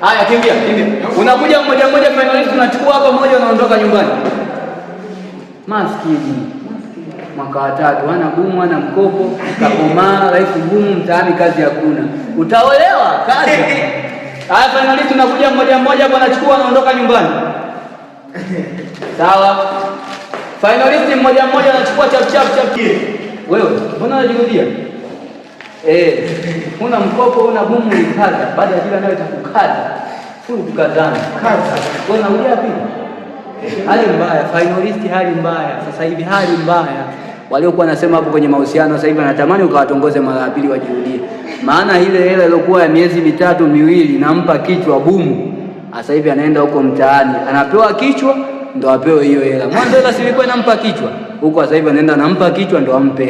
Haya, kimbia kimbia, unakuja mmoja mmoja, unachukua hapa mmoja, unaondoka nyumbani. Maskini mwaka watatu tatu, ana gumu, ana mkopo, kakomaa, life gumu, mtaani kazi hakuna, utaolewa kazi. Haya, finalist unakuja mmoja mmoja hapa, anachukua, anaondoka nyumbani. Sawa, Finalist mmoja mmoja anachukua chap chap chap. Wewe mbona unajirudia? Eh, una mkopo una gumu ukata, baada ya kila nayo itakukata furu kukatana Kaza. Wewe unarudia wapi? Hali mbaya finalist hali mbaya sasa hivi, hali mbaya waliokuwa nasema hapo kwenye mahusiano sasa hivi anatamani ukawatongoze mara ya pili wajirudie, maana ile hela iliyokuwa ya miezi mitatu miwili nampa kichwa bumu sasa hivi anaenda huko mtaani anapewa kichwa ndo apewe hiyo hela. Mwanzo hela silikuwa inampa kichwa, huko sasa hivi anaenda anampa kichwa ndo ampe.